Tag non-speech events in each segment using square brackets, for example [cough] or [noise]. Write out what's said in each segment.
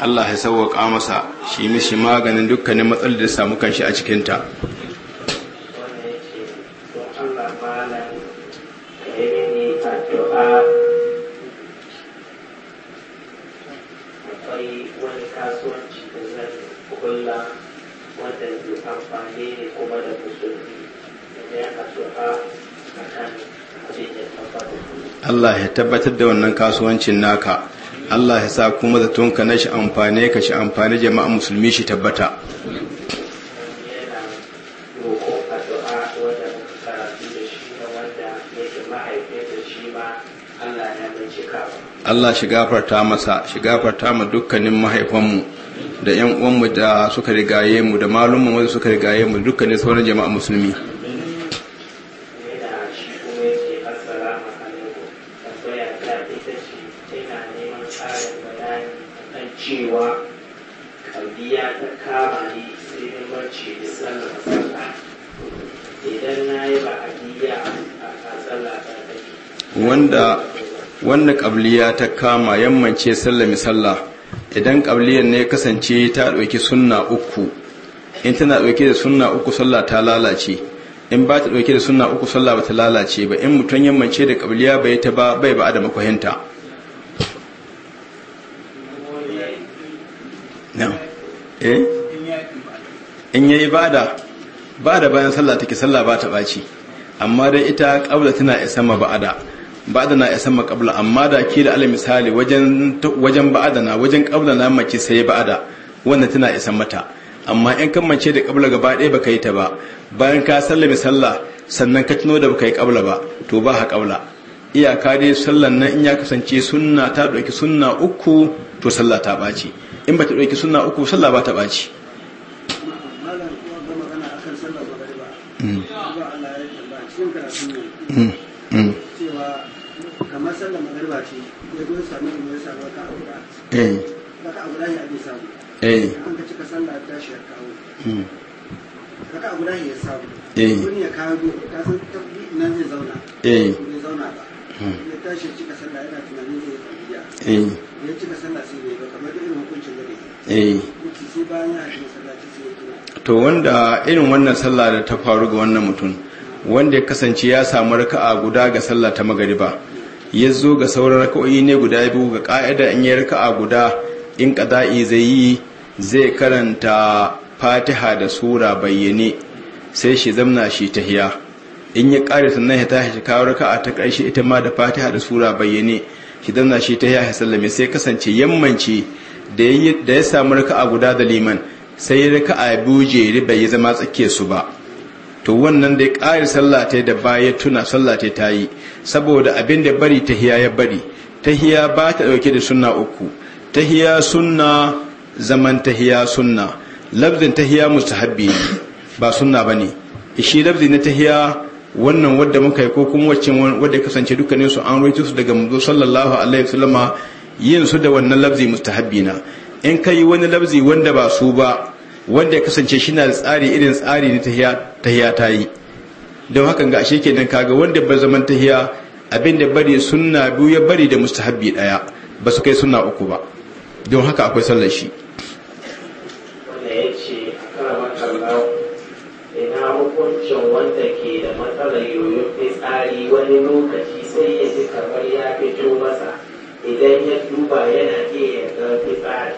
Allah ya sauwaƙa masa shi mishi maganin dukkanin matsalar da samu kanshi a cikinta. Allah ya tabbatar da wannan kasuwancin naka Allah ya sa kuma da tunka na shi amfane ka shi amfane jama'a musulmi shi tabbata Allah shi gafarta masa shi gafarta ma dukkanin mahaifanmu da 'yan uwanmu da suka rigaye mu da malumman wanda suka rigaye mu dukkanin sauran jama'a musulmi ita ta kama ne a wanda ƙabliya ta kama yammance sallami sallah idan kabliyar ne kasance ta ɗauki sunna uku in tana ɗauke da sunna uku sallah ta lalace in ba ta dauke da sunna uku sallah ba ta lalace ba in mutum yammance da kabiliya bai ta ba bai ba da makwahinta eh? in yayi ba da bayan sallah take sallah ba ta baci amma dai ita qabla tana isa ma ba'ada ba'ada na isa ma qabla amma da ke da alal misali wajen wajen ba'ada na wajen qabla na mace sai ba'ada wannan tana isa mata amma in mace da kabla gaba ɗaya baka yi ta ba bayan ka sallame sallah sannan ka tuno da baka yi kabla ba to ba ha kabla iyaka dai sallan nan in ya kasance sunna ta ɗauki sunna uku to sallah ta ɓaci in ba ta ɗauki sunna uku sallah ba ta ɓaci kamar sallar magariba ce ya zo sami ya sami wata abu da ya abin eh an ka cika sallah ta shi ya kawo hmm. raka abu da ya samu eh wani ya kawo ta san tabbi nan zai zauna eh zai zauna ba hmm. ya tashi cika sallah yana tunanin zai fadiya eh ya cika sallah sai bai ba kamar irin hukuncin da bai eh sai bayan ya cika sallah sai ya kira to wanda irin wannan sallah da ta faru ga wannan mutum wanda ya kasance ya samu raka'a guda ga sallah ta magariba ya zo ga sauran raka'o'i ne guda biyu ga ka'ida in yi raka'a guda in qada'i zai yi zai karanta fatiha da sura bayyane sai shi zamna shi tahiya in ya ƙare sannan ya tashi shi kawo a ta ƙarshe ita ma da fatiha da sura bayyane shi zamna shi tahiya ya sallame sai kasance yammanci da ya samu a guda da liman sai raka'a biyu jere bai zama tsakiyar su ba to wannan da ya ƙari sallah da baya tuna sallah ta yi saboda abin da bari tahiya ya bari tahiya ba ta ɗauke da sunna uku tahiya suna. zaman tahiya sunna labdin tahiya mustahabbi ba sunna bane shi labdi na tahiya wannan wadda muka yi ko kuma wacce wadda ya kasance dukkanin su an roito su daga manzo sallallahu alaihi wasallama yin su da wannan labzi mustahabbi na in ka yi wani labzi wanda ba su ba wanda ya kasance shi na da tsari irin tsari na tahiya tahiya ta yi don hakan ga ashe kenan kaga wanda bar zaman tahiya abin da bari sunna biyu ya bari da mustahabbi daya ba su kai sunna uku ba don haka akwai sallar shi fara yoyon fitsari wani lokaci sai ya ji kamar ya fito masa idan ya duba yana iya ya fitsari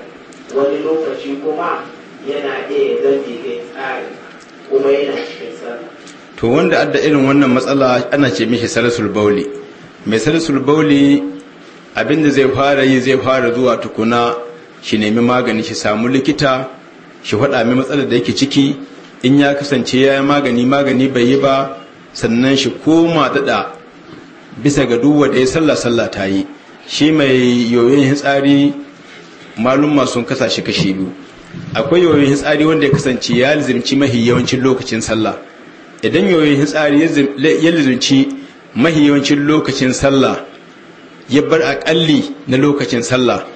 wani lokaci kuma yana iya ya zambi fitsari kuma yana cikin sallah to wanda adda irin wannan matsala ana ce mishi salasul bauli mai salasul bauli abinda zai fara yi zai fara zuwa tukuna shi nemi magani shi samu likita shi faɗa mai matsalar da yake ciki in ya kasance ya yi magani magani bai yi ba sannan shi koma daɗa bisa ga duwa da ya sallah sallah ta yi shi mai yoyin hitsari malumma sun kasa shi kashi biyu akwai yoyin hitsari wanda ya kasance ya lizimci mahi yawancin lokacin sallah idan yoyin hitsari ya lizimci mahi yawancin lokacin sallah ya bar akalli na lokacin sallah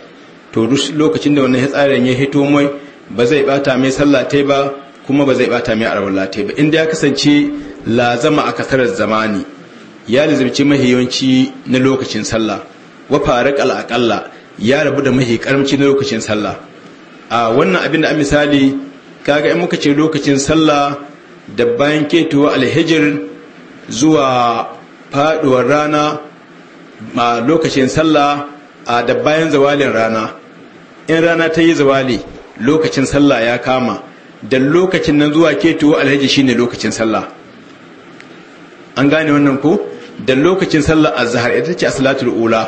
to lokacin da wannan hitsarin ya hito mai ba zai bata mai sallah ta ba kuma ba zai bata mai arwala ta ba inda ya kasance lazama a kasarar zamani ya lizabci mahiyanci na lokacin sallah wa farak ya rabu da mahi karamci na lokacin sallah a wannan abin da a misali kaga in muka ce lokacin sallah da bayan ketowa alhijir zuwa faduwar rana a lokacin sallah a da bayan zawalin rana in rana ta yi zawali lokacin sallah ya kama da lokacin nan zuwa ketowa alhijir shine lokacin sallah an gane wannan ko da lokacin sallar azhar ita ce a salatul ula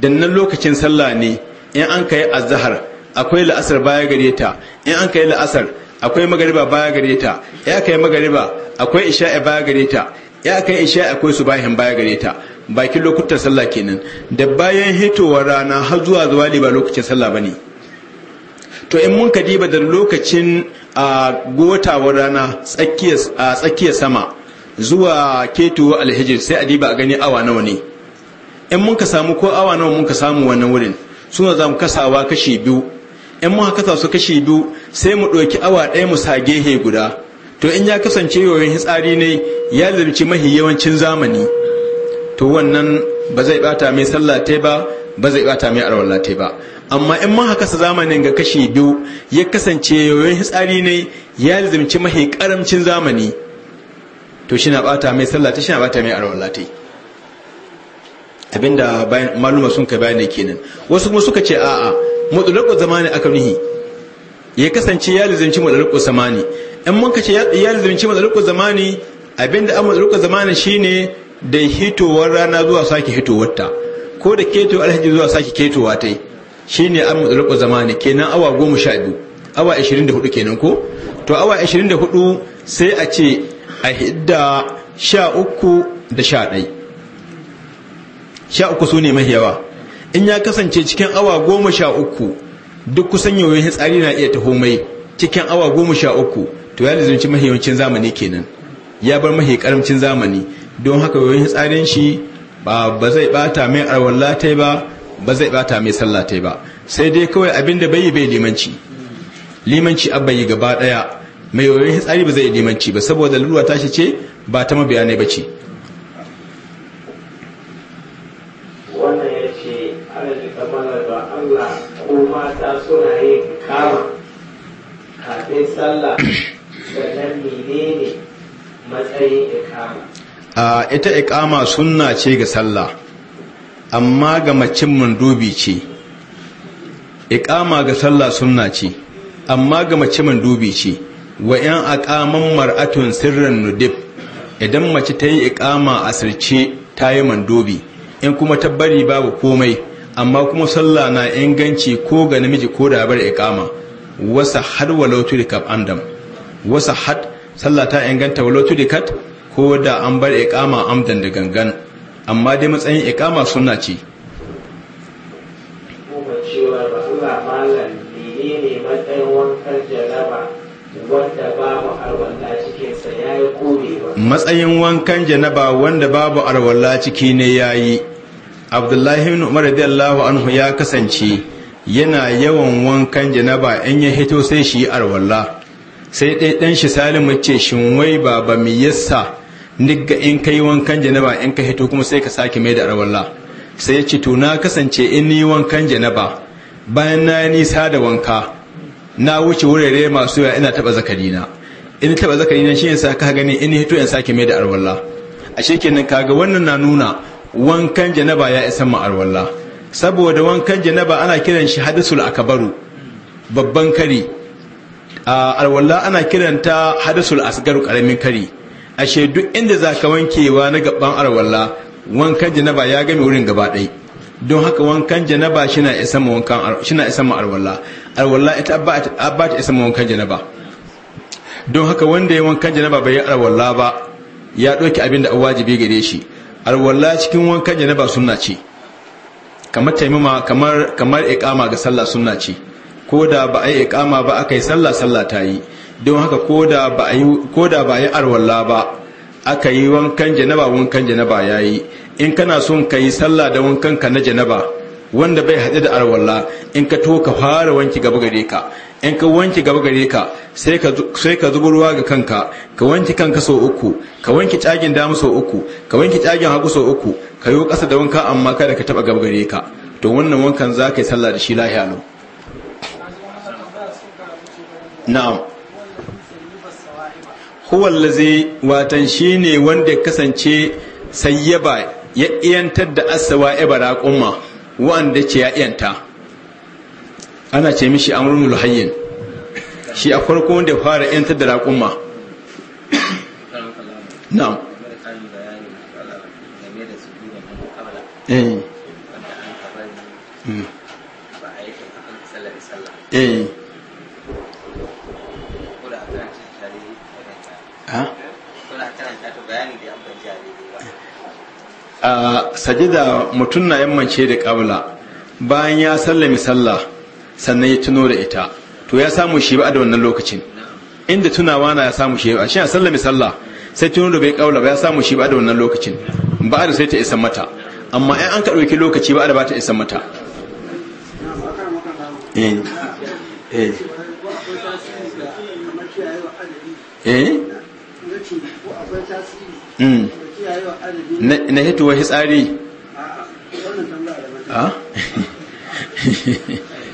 dan nan lokacin sallah ne in an kai azhar akwai la'asar baya gare in an kai la'asar akwai magariba baya gare ta ya kai magariba akwai isha'i baya gare ta ya kai isha'i akwai subahin baya gare ta bakin lokutan sallah kenan da bayan hitowar rana har zuwa zuwa ba lokacin sallah bane to in mun kadiba da lokacin a ah, gotawar rana tsakiyar ah, sama zuwa keto alhijir sai a diba a gani awa nawa ne in mun ka samu ko awa nawa mun ka samu wannan wurin suna zamu kasawa kashi biyu in mun kasa su kashi biyu sai mu ɗauki awa ɗaya mu sa gehe guda to in ya kasance yoyin hitsari ne ya lalci mahi yawancin zamani to wannan ba zai bata mai sallah tai ba ba zai bata mai arwalla tai ba amma in mun haka zamanin ga kashi biyu ya kasance yoyin hitsari ne ya lalci mahi karamcin zamani to shi na bata mai sallah ta shi na bata mai arwala ta abinda maluma sun ka ke kenan wasu kuma suka ce a'a mutlaqu zamani aka nuhi ya kasance ya lazimci mutlaqu zamani in mun ka ce ya lazimci mutlaqu zamani abinda an mutlaqu zamani shine da hitowar rana zuwa sake hitowar ta ko da keto alhaji zuwa sake ketowa ta shine an mutlaqu zamani kenan awa sha biyu awa 24 kenan ko to awa 24 sai a ce a hidda sha uku da sha ɗai sha uku su ne mahiyawa in ya kasance cikin awa goma sha uku duk kusan yoyin hitsari na iya taho mai cikin awa goma sha uku to ya lizunci mahiyawancin zamani kenan ya bar mahi karamcin zamani don haka yoyin hitsarin shi ba zai bata mai arwallatai ba ba zai bata mai sallatai ba sai dai kawai abin da bai yi bai limanci limanci abayi yi gaba ɗaya. mai yoyon hitsari ba zai yi ci ba saboda lura tashi ce ba ta mabiya ne ba ce ita ikama sunna ce ga sallah amma ga macin mandubi ce ikama ga sallah sunna ce amma ga mace mandubi ce wa yan aqaman mar'atun sirrin nudib idan mace ta yi iƙama a sirce ta yi mandobi in kuma ta bari babu komai amma kuma sallah na inganci ko ga namiji ko da bar iƙama wasa har walau turikab amdam wasa had sallah ta inganta walau kat ko da an bar iƙama amdan da gangan amma dai matsayin iƙama suna ce matsayin wankan janaba wanda babu arwalla ciki ne yayi abdullahi ibn umar radiyallahu anhu ya kasance yana yawan wankan janaba in ya hito sai shi arwalla sai dai dan shi salimu ce shin wai baba me yasa nigga in kai wankan janaba in ka hito kuma sai ka sake mai da alwala sai ya to na kasance in ni wankan janaba bayan na yi nisa da wanka na wuce wurare masu yawa ina taba zakarina in taba zakari nan shi yasa sa ka gani in hito in sake mai da arwalla ashe kenan kaga wannan na nuna wankan janaba ya isa ma arwalla saboda wankan janaba ana kiran shi hadisul akbaru babban kari arwalla ana kiranta hadisul asgaru karamin kari ashe duk inda zaka wankewa na gaban arwalla wankan janaba ya gami wurin gaba dai don haka wankan janaba na isa ma wankan na isa ma arwalla arwalla ita abba ta isa ma wankan janaba don haka wanda ya wankan janaba bai yi alwala ba ya ɗauki abin da wajibi gare shi alwala cikin wankan janaba suna ce kamar taimama kamar kamar ga sallah suna ce ko da ba a yi ikama ba aka yi sallah sallah ta yi don haka ko da ba a yi alwala ba aka yi wankan janaba wankan janaba ya yi in kana son ka yi sallah da wankan ka na janaba wanda bai haɗu da alwala in ka to ka fara wanki gaba gare ka in ka wanke gaba gare ka sai ka zuba ruwa ga kanka ka wanke kanka sau uku ka wanke cagin damu sau uku ka wanke cagin hagu sau uku ka yi ƙasa da wanka amma kada ka taba gaba gare ka to wannan wankan za ka yi sallah da shi lahiya lau na'am huwallazi watan shine wanda kasance sayyaba ya iyantar da asawa ibara kuma wanda ce ya iyanta ana ce mishi amrun hayyin shi a farko wanda fara yantar da raƙumma na'am eh. eh. a ah, sajida mutum na yammance da kabla bayan ya sallami sallah sannan ya tuno da ita to ya samu shi ba da wannan lokacin inda tunawa na ya samu shi ba shi a sallami sallah sai tuno da bai kaula ba ya samu shi ba da wannan lokacin ba da sai ta isa mata amma in an ka ɗauki lokaci ba da ba ta isa mata eh eh eh hmm. na hitsari ah. [laughs] a [laughs]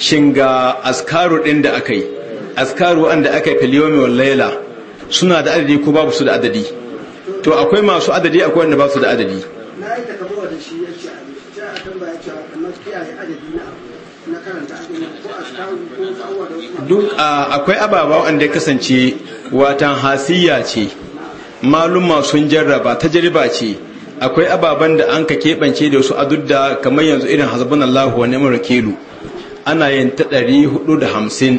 shin ga askaru ɗin da aka yi askaru an da aka yi filiyomi laila suna da adadi ko babu su da adadi to akwai masu adadi akwai wanda ba su da adadi duk ah, akwai ababa wanda ya kasance watan hasiya ce maluma sun jarraba ta jarraba ce akwai ababen da an ka keɓance da wasu adudda kamar yanzu irin hasabunan lahuwa wa imar kelu. ana yin ta ɗari hudu da hamsin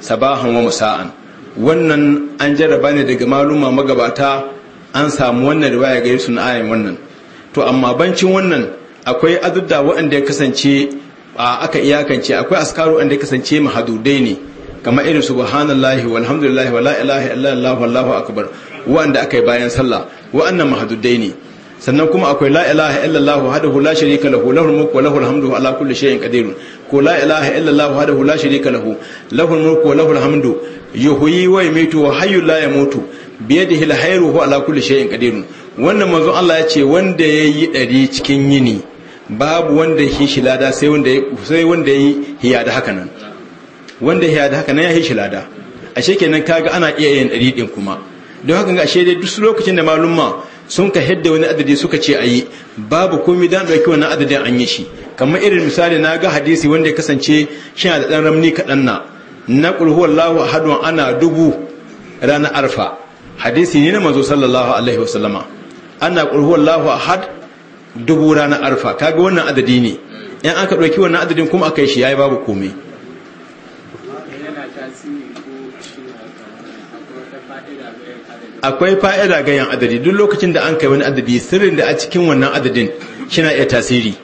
sabahan wa musa'an wannan an jaraba ne daga maluma magabata an samu wannan riwaya gare su ayin wannan to amma bancin wannan akwai adudda waɗanda ya kasance a aka iyakance akwai askaru waɗanda ya kasance mahadudai ne kamar irin subhanallahi walhamdulillahi wala ilaha illallah wallahu akbar wanda aka yi bayan sallah waɗannan mahadudai ne sannan kuma akwai la ilaha illallah wahdahu la sharika lahu lahul mulku wa lahul hamdu ala kulli shay'in qadirun ko la ilaha illallah wahdahu la sharika lahu lahul mulku wa lahul hamdu yuhyi wa yumitu wa hayyul la yamutu bi yadihi al khairu wa ala kulli shay'in qadir wannan manzo Allah ya ce wanda yayi dari cikin yini babu wanda ya shi lada sai wanda sai wanda yayi hiya da haka nan wanda hiya da haka nan ya shi lada ashe kenan kaga ana iya yin dari din kuma don haka ga ashe dai duk lokacin da malumma sun ka hidda wani adadi suka ce a yi babu komi dan ɗauki wannan adadin an yi shi kamar irin misali na ga hadisi wanda ya kasance shi da ɗan ramni kaɗan na na ƙulhuwar a haduwan ana dubu ranar arfa hadisi ne na manzo sallallahu alaihi wasallama ana ƙulhuwar lahu had dubu ranar arfa kaga wannan adadi ne in aka ɗauki wannan adadin kuma aka yi shi yayi babu komi. akwai fa'ida ga yan adadi duk lokacin da an kai wani adadi sirrin da a cikin wannan adadin kina iya tasiri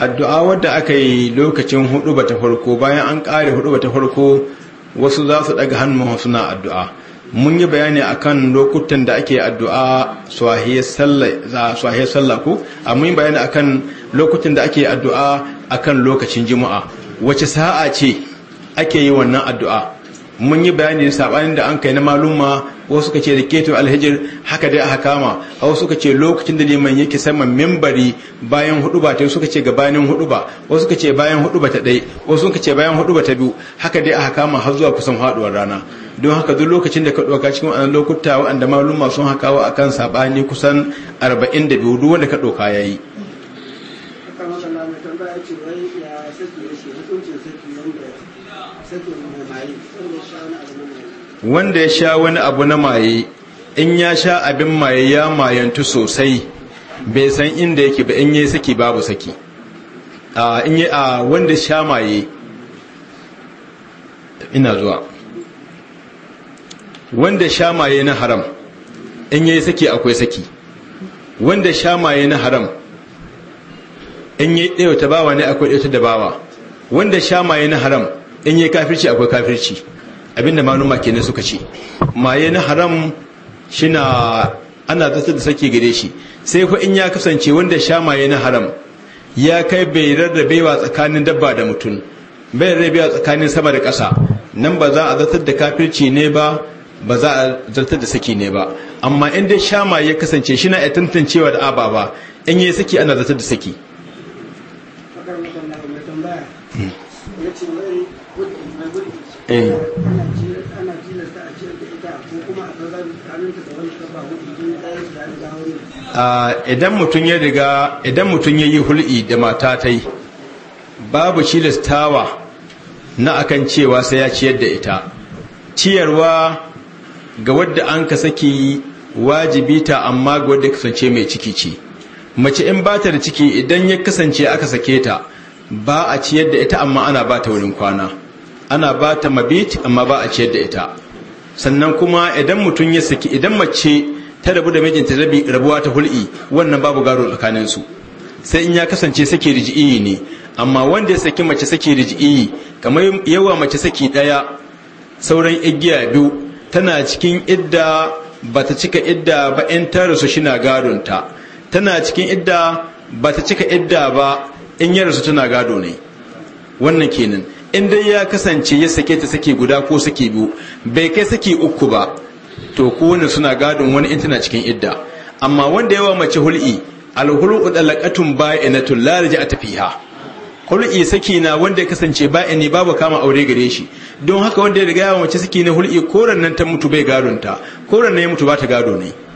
addu'a wadda aka yi lokacin hudu ba ta farko bayan an kare hudu ba ta farko wasu za su daga hannun suna addu'a mun yi bayani akan lokutan da ake addu'a swahiyar sallah ko a mun yi bayani kan lokutan da ake addu'a akan lokacin juma'a wace sa'a ce ake yi wannan addu'a mun yi bayani sabanin da an kai na maluma wasu suka ce riketu alhijir haka dai aka kama wasu suka ce lokacin da liman yake saman membari bayan hudu ba ta suka ce gabanin hudu ba wasu suka ce bayan hudu ba ta dai wasu suka ce bayan hudu ba ta biyu haka dai aka kama har zuwa kusan haduwar rana don haka duk lokacin da ka ɗauka cikin wannan lokuta waɗanda malumma sun hakawa akan sabani kusan 42 duk wanda ka ɗauka yayi wanda ya sha wani abu na maye in ya sha abin maye ya mayantu sosai bai san inda yake ba in yi saki babu saki a in yi a wanda sha maye ina zuwa wanda sha maye na haram in yi saki akwai saki wanda sha maye na haram in yi ɗaya ta bawa ne akwai ɗaya ta da wanda sha maye na haram in yi kafirci akwai kafirci abinda manuma kenan suka ce maye na haram shina ana zartar da sake gare shi sai fa in ya kasance wanda sha maye na haram ya kai bai rarrabewa tsakanin dabba da mutum bai rarrabewa tsakanin sama da ƙasa nan ba za a zartar da kafirci ne ba ba za a zartar da saki ne ba amma inda sha maye ya kasance shina ya tantancewa da ababa in yi saki ana zartar da saki Eh. idan mutum ya yi hul'i da mata ta yi babu shilistawa na akan cewa sai ya ciyar da ita ciyarwa ga wadda an ka saki wajibi ta amma ga wadda kasance mai ciki ce mace in ba ta da ciki idan ya kasance aka sake ta ba a ciyar da ita amma ana ba ta wurin kwana ana ba ta mabit amma ba a ciyar da ita sannan kuma idan mutum ya saki idan mace ta rabu da mijinta rabi rabuwa ta hul'i wannan babu garo tsakanin su sai in ya kasance sake riji'i ne amma wanda ya saki mace sake riji'i kamar yawa mace saki daya sauran igiya biyu tana cikin idda ba ta cika idda ba in ta rasu shina ta tana cikin idda ba ta cika idda ba in ya rasu tana gado ne wannan kenan in dai ya kasance ya sake ta sake guda ko sake biyu bai kai sake uku ba to kowane suna gadon wani in tana cikin idda amma wanda yawa mace hul'i alhul'u dalakatun ba'inatun la a fiha hul'i saki na wanda ya kasance ba'ini babu kama aure gare shi don haka wanda ya riga yawa mace saki na hul'i koran nan ta mutu bai gadon ta koran nan ya mutu ba ta gado ne